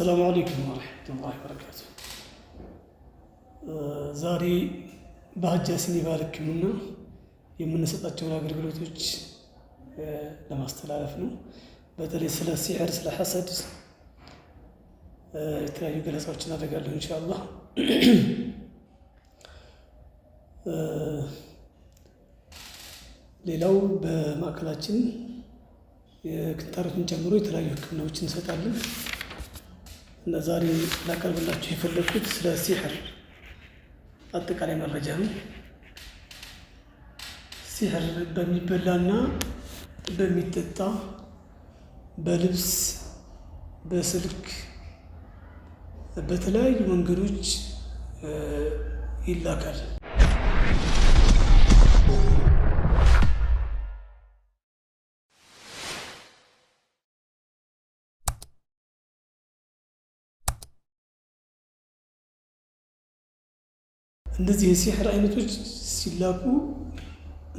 አሰላሙ አለይኩም ወረሕመቱላሂ ወበረካቱ። ዛሬ በሀጂ ያሲንባል ሕክምና የምንሰጣቸውን አገልግሎቶች ለማስተላለፍ ነው። በተለይ ስለ ሲሕር፣ ስለ ሐሰድ የተለያዩ ገለጻዎች እናደርጋለሁ ኢንሻአላህ። ሌላው በማዕከላችን የክንታሮትን ጨምሮ የተለያዩ ሕክምናዎች እንሰጣለን። እና ዛሬ ላቀርብላችሁ የፈለግኩት ስለ ሲሕር አጠቃላይ መረጃ ነው። ሲሕር በሚበላና በሚጠጣ በልብስ፣ በስልክ፣ በተለያዩ መንገዶች ይላካል። እነዚህ የሲሕር አይነቶች ሲላኩ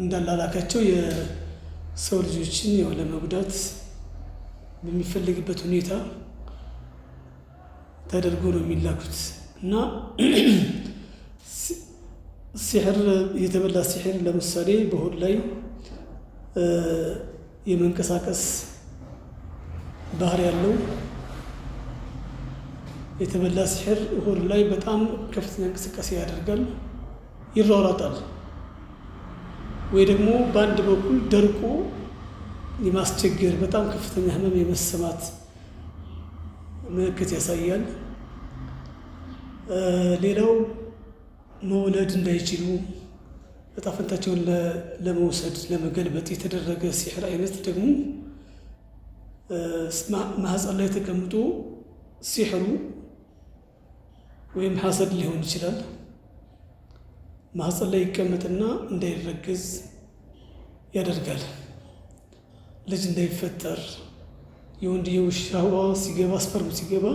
እንዳላላካቸው የሰው ልጆችን ያው ለመጉዳት በሚፈለግበት ሁኔታ ተደርጎ ነው የሚላኩት እና ሲሕር የተበላ ሲሕር ለምሳሌ በሆድ ላይ የመንቀሳቀስ ባህሪ ያለው የተበላ ሲሕር ሆድ ላይ በጣም ከፍተኛ እንቅስቃሴ ያደርጋል፣ ይሯሯጣል። ወይ ደግሞ በአንድ በኩል ደርቆ የማስቸገር በጣም ከፍተኛ ህመም የመሰማት ምልክት ያሳያል። ሌላው መውለድ እንዳይችሉ ዕጣ ፈንታቸውን ለመውሰድ ለመገልበጥ የተደረገ ሲሕር አይነት ደግሞ ማህፀን ላይ ተቀምጦ ሲሕሩ ወይም ሀሰድ ሊሆን ይችላል። ማህፀን ላይ ይቀመጥና እንዳይረግዝ ያደርጋል። ልጅ እንዳይፈጠር የወንድየው ሻዋ ሲገባ ስፐርም ሲገባ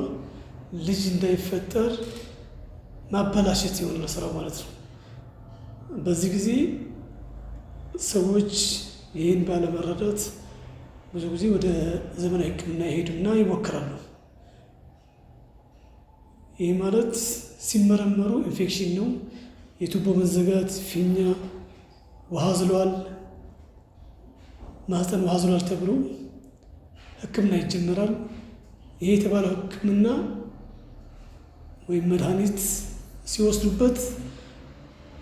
ልጅ እንዳይፈጠር ማበላሸት የሆነ ስራው ማለት ነው። በዚህ ጊዜ ሰዎች ይህን ባለመረዳት ብዙ ጊዜ ወደ ዘመናዊ ሕክምና ይሄዱና ይሞክራሉ። ይህ ማለት ሲመረመሩ ኢንፌክሽን ነው፣ የቱቦ መዘጋት፣ ፊኛ፣ ውሃ ዝሏል፣ ማህፀን ውሃ ዝሏል ተብሎ ህክምና ይጀመራል። ይሄ የተባለው ህክምና ወይም መድኃኒት ሲወስዱበት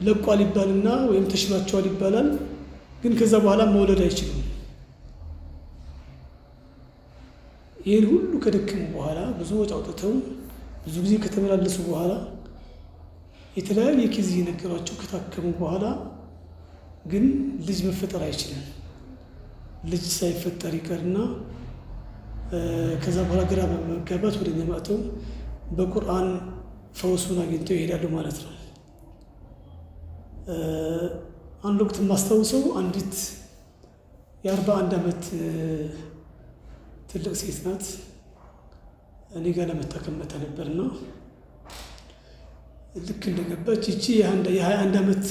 ለቋል ይባልና ወይም ተሽሏቸዋል ይባላል። ግን ከዛ በኋላ መውለድ አይችሉም። ይህን ሁሉ ከደከሙ በኋላ ብዙ ወጪ አውጥተው ብዙ ጊዜ ከተመላለሱ በኋላ የተለያየ ኬዝ እየነገሯቸው ከታከሙ በኋላ ግን ልጅ መፈጠር አይችልም። ልጅ ሳይፈጠር ይቀርና ከዛ በኋላ ግራ በመጋባት ወደ መጥተው በቁርአን ፈውሱን አግኝተው ይሄዳሉ ማለት ነው። አንድ ወቅት የማስታውሰው አንዲት የአርባ አንድ ዓመት ትልቅ ሴት ናት። እኔ ጋር ለመታከም ነበር ነበርና ልክ እንደገባች እቺ አንድ ዓመት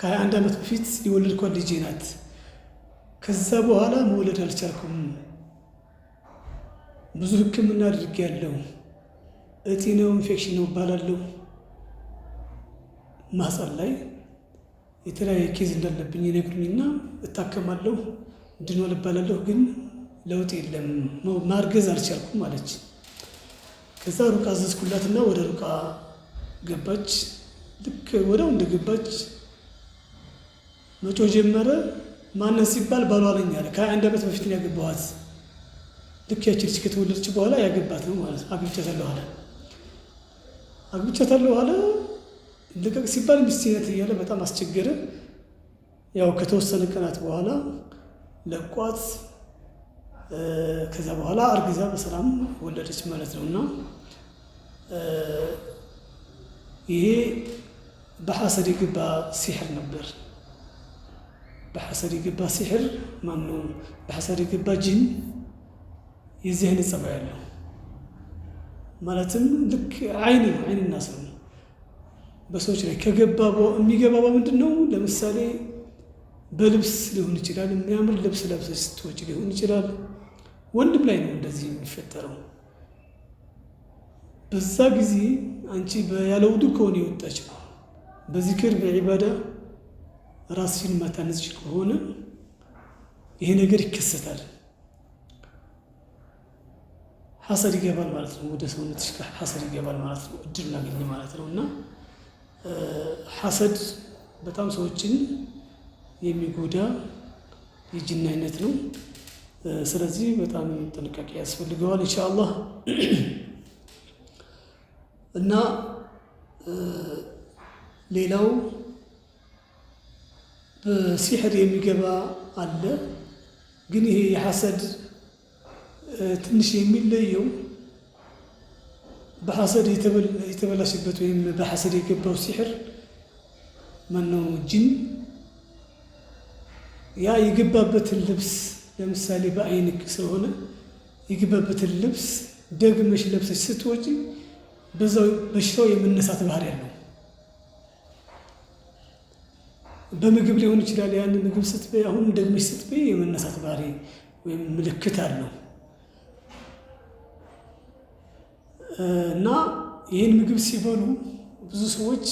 ከሀያ አንድ ዓመት በፊት የወለድኳት ልጄ ናት። ከዛ በኋላ መውለድ አልቻልኩም። ብዙ ሕክምና አድርጌያለሁ። እጢ ነው ኢንፌክሽን ነው እባላለሁ። ማህፀን ላይ የተለያየ ኬዝ እንዳለብኝ ይነግሩኝና እታከማለሁ። ድኗል እባላለሁ፣ ግን ለውጥ የለም። ማርገዝ አልቻልኩም ማለች። ከዛ ሩቃ አዘዝኩላትና ወደ ሩቃ ገባች። ልክ ወደው ገባች መጮ ጀመረ። ማነን ሲባል ባሏለኝ አለኝ አለ። ከሀያ አንድ ዓመት በፊት ያገባኋት ልክ ያችልች ከተወለደች በኋላ ያገባት ነው ማለት ነው። አግብቻታለሁ አለ። አግብቻታለሁ አለ። ልቀቅ ሲባል ሚስቴ ናት እያለ በጣም አስቸገረ። ያው ከተወሰነ ቀናት በኋላ ለቋት ከዛ በኋላ አርግዛ በሰላም ወለደች ማለት ነው እና ይሄ በሐሰድ የገባ ሲሕር ነበር። በሐሰድ የገባ ሲሕር ማን ነው? በሐሰድ የገባ ጅን የዚህ አይነት ጸባይ ያለው ማለትም ልክ አይን ነው። አይን ሰው ነው በሰዎች ላይ ከገባ የሚገባ በምንድን ነው? ለምሳሌ በልብስ ሊሆን ይችላል። የሚያምር ልብስ ለብሰች ስትወጪ ሊሆን ይችላል ወንድም ላይ ነው እንደዚህ የሚፈጠረው። በዛ ጊዜ አንቺ ያለውዱ ከሆነ የወጣች በዚክር በዒባዳ ራስሽን ማታነጽ ከሆነ ይሄ ነገር ይከሰታል። ሐሰድ ይገባል ማለት ነው። ወደ ሰውነትሽ ሐሰድ ይገባል ማለት ነው። እድል እናገኝ ማለት ነው። እና ሐሰድ በጣም ሰዎችን የሚጎዳ የጅን አይነት ነው። ስለዚህ በጣም ጥንቃቄ ያስፈልገዋል ኢንሻአላህ እና ሌላው በሲሕር የሚገባ አለ። ግን ይሄ የሐሰድ ትንሽ የሚለየው በሐሰድ የተበላሽበት ወይም በሐሰድ የገባው ሲሕር ማነው ጅን ያ የገባበትን ልብስ ለምሳሌ በአይንክ ስለሆነ የገባበትን ልብስ ደግመሽ ለብሰች ስትወጪ በዛው በሽታው የመነሳት ባህሪ ያለው በምግብ ሊሆን ይችላል። ያን ምግብ ስትበይ አሁንም ደግመሽ ስትበይ የመነሳት ባህሪ ወይም ምልክት አለው እና ይህን ምግብ ሲበሉ ብዙ ሰዎች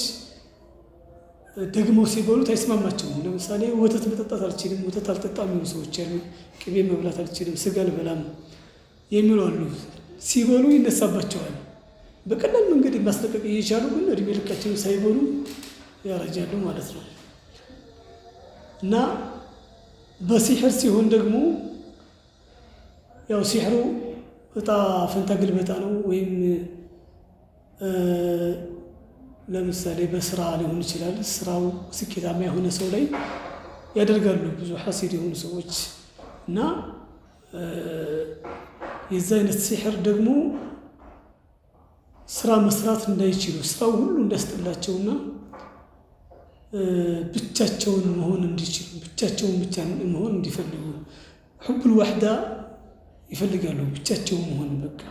ደግሞ ሲበሉት አይስማማቸውም። ለምሳሌ ወተት መጠጣት አልችልም፣ ወተት አልጠጣም የሆኑ ሰዎች አሉ። ቅቤ መብላት አልችልም፣ ስጋ አልበላም የሚሉ አሉ። ሲበሉ ይነሳባቸዋል። በቀላል መንገድ ማስጠንቀቅ እየቻሉ ግን እድሜ ልካቸውን ሳይበሉ ያረጃሉ ማለት ነው እና በሲሕር ሲሆን ደግሞ ያው ሲሕሩ እጣ ፈንታ ግልበጣ ነው ወይም ለምሳሌ በስራ ሊሆን ይችላል። ስራው ስኬታማ የሆነ ሰው ላይ ያደርጋሉ ብዙ ሐሲድ የሆኑ ሰዎች እና የዚ አይነት ሲሕር ደግሞ ስራ መስራት እንዳይችሉ ስራው ሁሉ እንዳያስጠላቸውና ብቻቸውን መሆን እንዲችሉ ብቻቸውን ብቻ መሆን እንዲፈልጉ ሕቡል ዋሕዳ ይፈልጋሉ። ብቻቸውን መሆን በቃ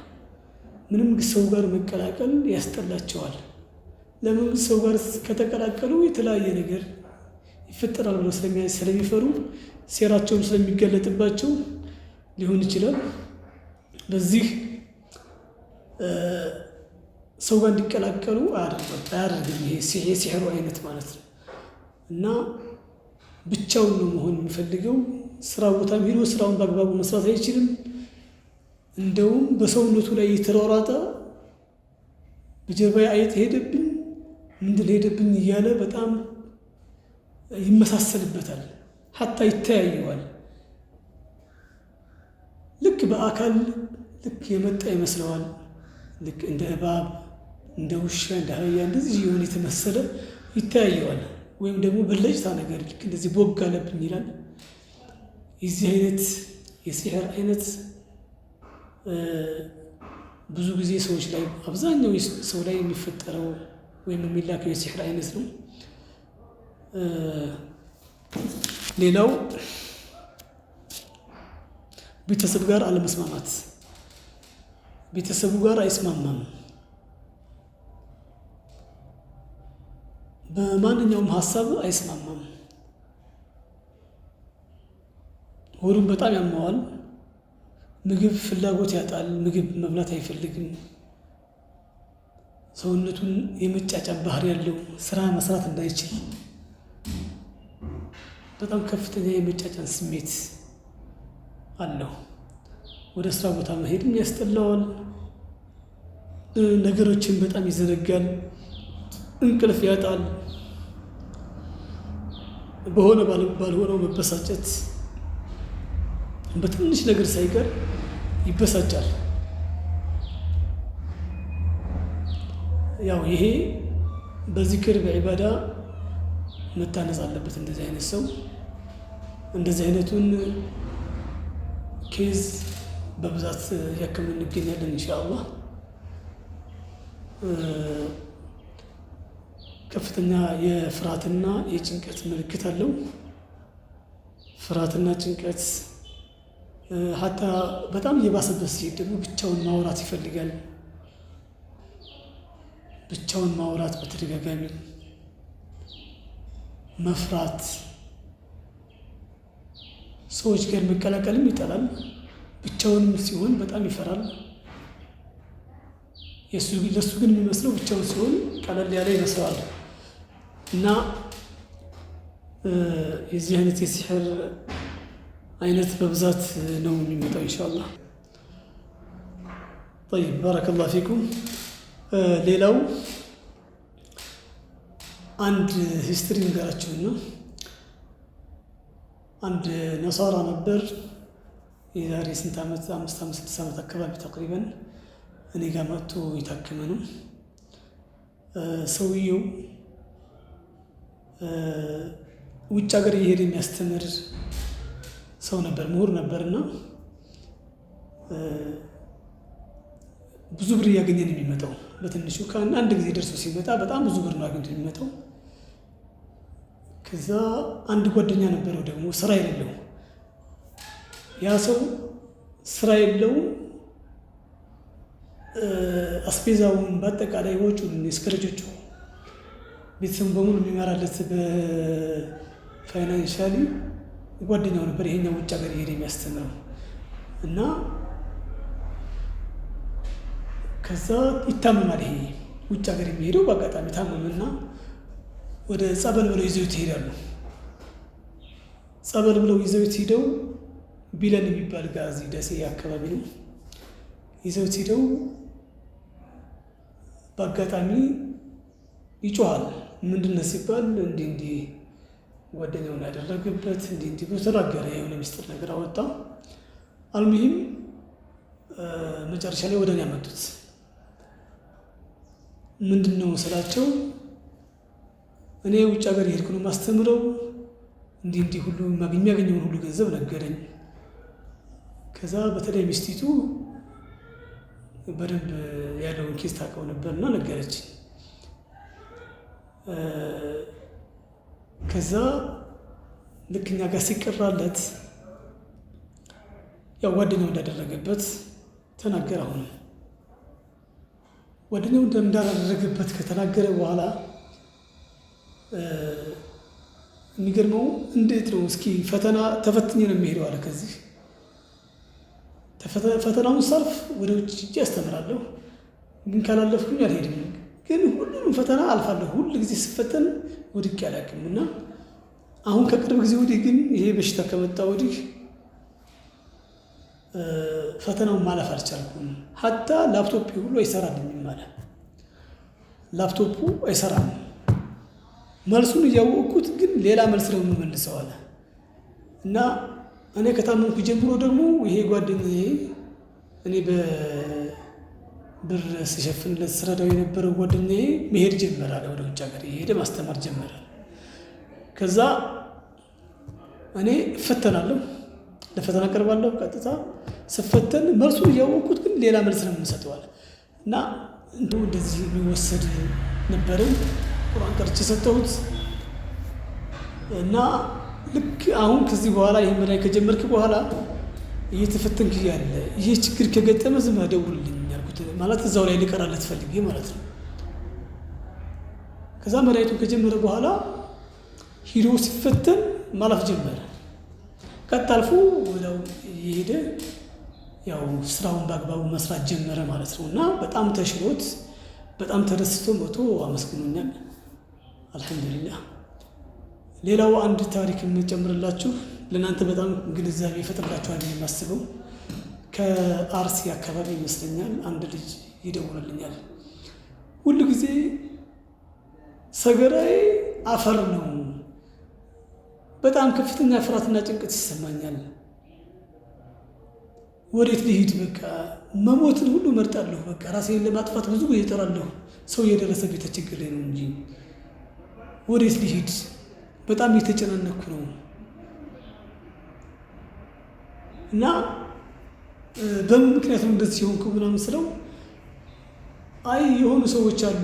ምንም ሰው ጋር መቀላቀል ያስጠላቸዋል። ለመንግስት ሰው ጋር ከተቀላቀሉ የተለያየ ነገር ይፈጠራል ብለው ስለሚፈሩ ሴራቸውም ስለሚገለጥባቸው ሊሆን ይችላል። በዚህ ሰው ጋር እንዲቀላቀሉ አያደርግም። ይሄ የሲሕሩ አይነት ማለት ነው እና ብቻውን ነው መሆን የሚፈልገው። ስራ ቦታም ሄዶ ስራውን በአግባቡ መስራት አይችልም። እንደውም በሰውነቱ ላይ የተሯሯጠ በጀርባ አይጥ ሄደብኝ ምንድን ሄደብኝ እያለ በጣም ይመሳሰልበታል፣ ሀታ ይተያየዋል። ልክ በአካል ልክ የመጣ ይመስለዋል። ልክ እንደ እባብ፣ እንደ ውሻ፣ እንደ አህያ እንደዚህ የሆነ የተመሰለ ይተያየዋል። ወይም ደግሞ በለጭታ ነገር ልክ እንደዚህ ቦግ አለብኝ ይላል። የዚህ አይነት የሲሕር አይነት ብዙ ጊዜ ሰዎች ላይ አብዛኛው ሰው ላይ የሚፈጠረው ወይም የሚላከው የሲሕር አይነት ነው። ሌላው ቤተሰብ ጋር አለመስማማት፣ ቤተሰቡ ጋር አይስማማም። በማንኛውም ሀሳብ አይስማማም። ሆዱን በጣም ያማዋል። ምግብ ፍላጎት ያጣል። ምግብ መብላት አይፈልግም። ሰውነቱን የመጫጫ ባህር ያለው ስራ መስራት እንዳይችል በጣም ከፍተኛ የመጫጫን ስሜት አለው። ወደ ስራ ቦታ መሄድም ያስጠላዋል። ነገሮችን በጣም ይዘነጋል፣ እንቅልፍ ያጣል። በሆነ ባልሆነው መበሳጨት በትንሽ ነገር ሳይቀር ይበሳጫል። ያው ይሄ በዚክር በዒባዳ መታነጽ አለበት። እንደዚህ አይነት ሰው እንደዚህ አይነቱን ኬዝ በብዛት እያከምን እንገኛለን። ኢንሻአላህ ከፍተኛ የፍርሃትና የጭንቀት ምልክት አለው። ፍርሃትና ጭንቀት ሀታ በጣም እየባሰበት ሲሄድ ደግሞ ብቻውን ማውራት ይፈልጋል። ብቻውን ማውራት በተደጋጋሚ መፍራት ሰዎች ጋር መቀላቀልም ይጠላል። ብቻውንም ሲሆን በጣም ይፈራል። ለእሱ ግን የሚመስለው ብቻውን ሲሆን ቀለል ያለ ይመስለዋል። እና የዚህ አይነት የሲሕር አይነት በብዛት ነው የሚመጣው። ኢንሻ አላህ ጠይብ ባረከ ፊኩም ሌላው አንድ ሂስትሪ ነው። አንድ ነሳራ ነበር የዛሬ ስንት ዓመት አምስት ዓመት ስድስት ዓመት አካባቢ ተቅሪበን እኔ ጋር መጥቶ የታከመ ነው። ሰውየው ውጭ ሀገር እየሄደ የሚያስተምር ሰው ነበር፣ ምሁር ነበርና ብዙ ብር እያገኘ ነው የሚመጣው። በትንሹ አንድ ጊዜ ደርሶ ሲመጣ በጣም ብዙ ብር ነው አግኝቶ የሚመጣው። ከዛ አንድ ጓደኛ ነበረው ደግሞ ስራ የሌለው ያ ሰው ስራ የለውም። አስቤዛውን በአጠቃላይ ወጪውን እስከ ልጆቹ ቤተሰቡ በሙሉ የሚመራለት በፋይናንሻሊ ጓደኛው ነበር። ይሄኛው ውጭ ሀገር እየሄደ የሚያስተምረው እና ከዛ ይታመማል። ይሄ ውጭ ሀገር የሚሄደው በአጋጣሚ ታመምና ወደ ጸበል ብለው ይዘው ይሄዳሉ። ጸበል ብለው ይዘው ሄደው ቢለን የሚባል ጋዚ ደሴ አካባቢ ነው። ይዘው ሄደው በአጋጣሚ ይጮኋል። ምንድነው ሲባል እንዲ እንዲ ጓደኛውን ያደረገበት እንዲ እንዲ ብሎ ተናገረ። የሆነ ሚስጥር ነገር አወጣ። አልሙሂም መጨረሻ ላይ ወደ እኔ ያመጡት ምንድን ነው ስላቸው እኔ ውጭ ሀገር የሄድኩ ነው ማስተምረው እንዲህ እንዲህ ሁሉ የሚያገኘውን ሁሉ ገንዘብ ነገረኝ። ከዛ በተለይ ሚስቲቱ በደንብ ያለውን ኬዝ ታውቀው ነበርና ነገረች። ከዛ ልክ እኛ ጋር ሲቀራለት ያው ጓደኛው እንዳደረገበት ተናገር አሁንም ወዲያው እንደምዳረረግበት ከተናገረ በኋላ የሚገርመው እንዴት ነው እስኪ ፈተና ተፈትኝ ነው የሚሄደው አለ። ከዚህ ፈተናውን ሳልፍ ወደ ውጭ እጅ ያስተምራለሁ፣ ግን ካላለፍኩኝ አልሄድም። ግን ሁሉንም ፈተና አልፋለሁ። ሁል ጊዜ ስፈተን ወድቄ አላውቅም እና አሁን ከቅርብ ጊዜ ወዲህ ግን ይሄ በሽታ ከመጣ ወዲህ ፈተናውን ማለፍ አልቻልኩም። ሀታ ላፕቶፕ ሁሉ አይሰራል የሚል ላፕቶፑ አይሰራም። መልሱን እያወቅኩት ግን ሌላ መልስ ነው የምመልሰው አለ እና እኔ ከታመንኩ ጀምሮ ደግሞ ይሄ ጓደኛዬ እኔ በብር ሲሸፍንለት ስረዳው የነበረው ጓደኛዬ መሄድ ጀመረ አለ ወደ ውጭ ሀገር የሄደ ማስተማር ጀመረ። ከዛ እኔ እፈተናለሁ ለፈተና ቀርባለሁ። ቀጥታ ስፈተን መልሱ እያወቅኩት ግን ሌላ መልስ ነው የምንሰጠዋል እና እንደው እንደዚህ የሚወሰድ ነበርም ቁርአን ቀርች የሰጠሁት እና ልክ አሁን ከዚህ በኋላ ይህ መላይ ከጀመርክ በኋላ እየተፈተንክ ያለ ይህ ችግር ከገጠመ ዝም ደውልልኝ ያልኩት ማለት እዛው ላይ ልቀራለት ፈልጌ ማለት ነው። ከዛ መዳይቱን ከጀመረ በኋላ ሂዶ ሲፈተን ማለፍ ጀመረ። ቀጣልፎ ወዲያው እየሄደ ያው ስራውን በአግባቡ መስራት ጀመረ ማለት ነው። እና በጣም ተሽሎት በጣም ተደስቶ መቶ አመስግኖኛል። አልሐምዱሊላ ሌላው አንድ ታሪክ የምጨምርላችሁ ለእናንተ በጣም ግንዛቤ ይፈጥርላችኋል የማስበው ከአርሲ አካባቢ ይመስለኛል አንድ ልጅ ይደውልልኛል ሁሉ ጊዜ ሰገራዬ አፈር ነው በጣም ከፍተኛ ፍርሃትና ጭንቀት ይሰማኛል። ወዴት ልሂድ? በቃ መሞትን ሁሉ መርጣለሁ። በቃ ራሴን ለማጥፋት ብዙ ጊዜ ሰው የደረሰ ቤተ ችግር ላይ ነው እንጂ ወዴት ልሂድ? በጣም እየተጨናነኩ ነው እና በምን ምክንያት ነው እንደዚህ ሲሆንኩ ምናምን ስለው አይ የሆኑ ሰዎች አሉ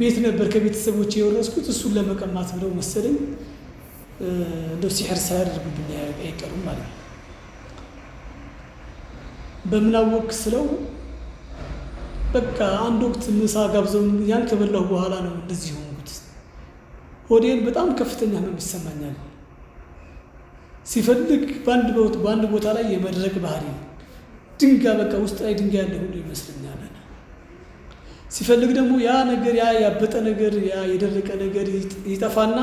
ቤት ነበር ከቤተሰቦች የወረስኩት እሱን ለመቀማት ብለው መሰለኝ እንደ ሲሕር ሳያደርጉብኝ አይቀርም ማለት ነው። በምናወቅ ስለው በቃ አንድ ወቅት ምሳ ጋብዘው ያን ከበላሁ በኋላ ነው እንደዚህ ሆንኩት። ሆዴን በጣም ከፍተኛ ህመም ይሰማኛል። ሲፈልግ በአንድ ቦታ በአንድ ቦታ ላይ የመድረቅ ባህሪ ድንጋ በቃ ውስጥ ላይ ድንጋይ ያለ ሁሉ ይመስለኛል። ሲፈልግ ደግሞ ያ ነገር ያ ያበጠ ነገር ያ የደረቀ ነገር ይጠፋና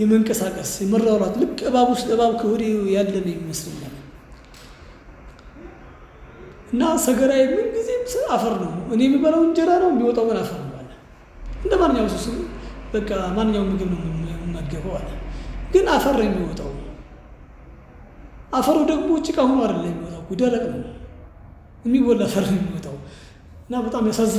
የመንቀሳቀስ የመራራት ልክ እባብ ውስጥ እባብ ከወዲ ያለን ነው ይመስለኛል። እና ሰገራዬ ምን ጊዜ አፈር ነው። እኔ የሚበላው እንጀራ ነው፣ የሚወጣው ግን አፈር ነው አለ። እንደ ማንኛውም ሱስ በቃ ማንኛውም ምግብ ነው የምመገበው አለ። ግን አፈር ነው የሚወጣው። አፈሩ ደግሞ ጭቃ ሆኖ አይደለም የሚወጣው፣ ደረቅ ነው የሚበላ አፈር ነው የሚወጣው እና በጣም ያሳዝ